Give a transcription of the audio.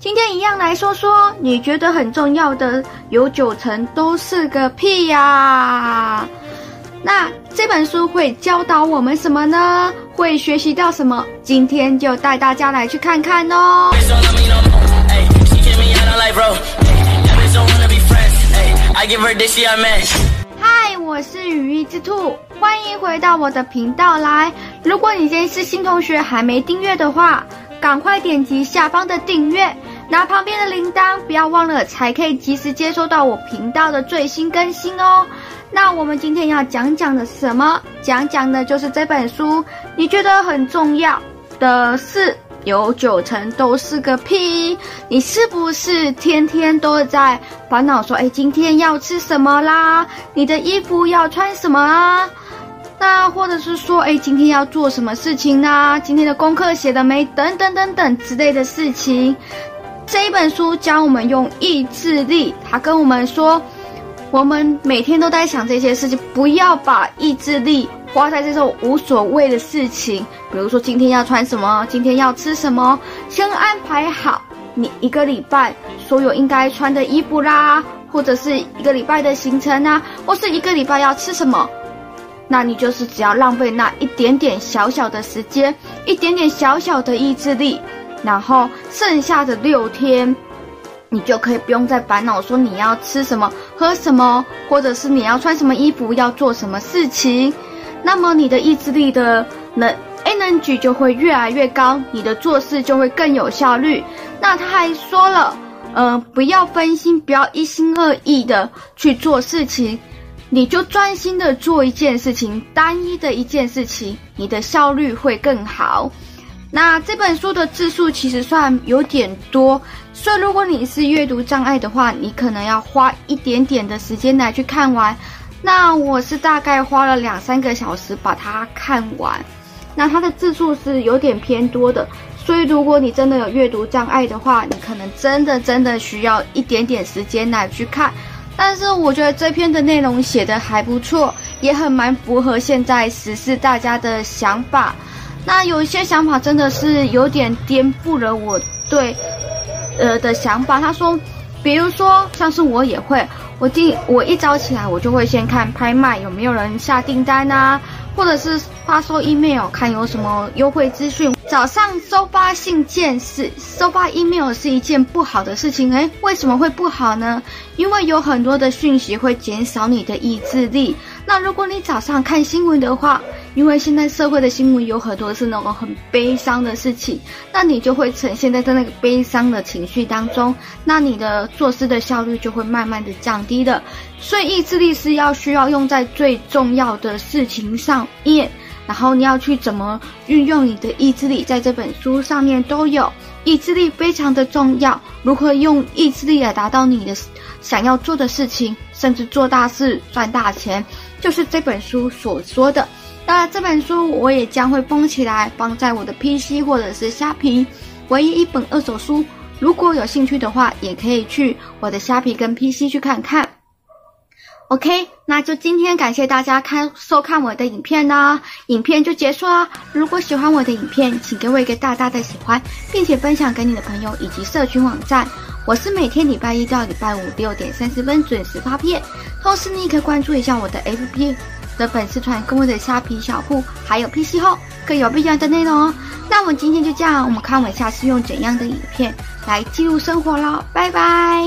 今天一樣來說說，你覺得很重要的有九成都是個屁呀、啊？那這本書會教導我們什麼呢？會學習到什麼？今天就帶大家來去看看哦。嗨，我是羽翼之兔，歡迎回到我的頻道來。如果你今天是新同學還沒訂閱的話，趕快點擊下方的訂閱。拿旁邊的鈴鐺，不要忘了，才可以及時接收到我頻道的最新更新哦。那我們今天要講講的什麼？講講的就是這本書，你覺得很重要的事，有九成都是個屁。你是不是天天都在煩惱說，誒、欸，今天要吃什麼啦？你的衣服要穿什麼啊？那或者是說，誒、欸，今天要做什麼事情呢、啊？今天的功課寫的沒？等，等等等等之類的事情。這一本書教我們用意志力，他跟我們說，我們每天都在想這些事情，不要把意志力花在這種無所謂的事情，比如說今天要穿什麼，今天要吃什麼，先安排好你一個禮拜所有應該穿的衣服啦、啊，或者是一個禮拜的行程啊，或是一個禮拜要吃什麼，那你就是只要浪費那一點點小小的時間，一點點小小的意志力。然後剩下的六天，你就可以不用再煩惱說你要吃什麼、喝什麼，或者是你要穿什麼衣服、要做什麼事情。那麼你的意志力的能 energy 就會越來越高，你的做事就會更有效率。那他還說了，嗯、呃，不要分心，不要一心二意的去做事情，你就專心的做一件事情，單一的一件事情，你的效率會更好。那這本書的字數其實算有點多，所以如果你是閱讀障礙的話，你可能要花一點點的時間來去看完。那我是大概花了兩三個小時把它看完。那它的字數是有點偏多的，所以如果你真的有閱讀障礙的話，你可能真的真的需要一點點時間來去看。但是我覺得這篇的內容寫得還不錯，也很蠻符合現在時事大家的想法。那有一些想法真的是有點顛覆了我對，呃的想法。他說，比如說像是我也會，我第我一早起來我就會先看拍賣有沒有人下訂單啊，或者是發送 email 看有什麼優惠資訊。早上收發信件是收發 email 是一件不好的事情。哎、欸，為什麼會不好呢？因為有很多的訊息會減少你的意志力。那如果你早上看新聞的話，因為現在社會的新聞有很多是那種很悲傷的事情，那你就會呈現在他那個悲傷的情緒當中，那你的做事的效率就會慢慢的降低的。所以意志力是要需要用在最重要的事情上面，然後你要去怎麼運用你的意志力，在這本書上面都有。意志力非常的重要，如何用意志力來達到你的想要做的事情，甚至做大事，賺大錢。就是這本書所說的。當然這本書我也將會封起來，放在我的 PC 或者是蝦皮，唯一一本二手書。如果有興趣的話，也可以去我的蝦皮跟 PC 去看看。OK，那就今天感謝大家看收看我的影片啦、哦！影片就結束啦。如果喜歡我的影片，請給我一個大大的喜歡，並且分享給你的朋友以及社群網站。我是每天禮拜一到禮拜五六點三十分準時發片，同時你可以關注一下我的 FB 的粉絲團，跟我的蝦皮小鋪還有 PC 後更有不一樣的內容哦。那我們今天就這樣，我們看我下次用怎樣的影片來記錄生活嘍，拜拜。